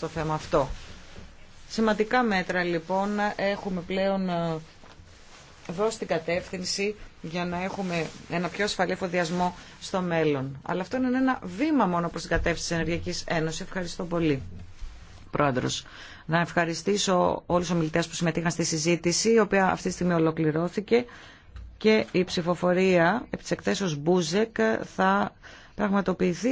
στο θέμα αυτό. Σημαντικά μέτρα λοιπόν έχουμε πλέον ε, δώσει την κατεύθυνση για να έχουμε ένα πιο ασφαλή εφοδιασμό στο μέλλον. Αλλά αυτό είναι ένα βήμα μόνο προς την κατεύθυνση της Ενεργειακής Ένωσης. Ευχαριστώ πολύ. Πρόεδρος, να ευχαριστήσω όλους τους ομιλητές που συμμετείχαν στη συζήτηση, η οποία αυτή τη στιγμή ολοκληρώθηκε και η ψηφοφορία επί της εκθέσεως Μπούζεκ θα πραγματοποιηθεί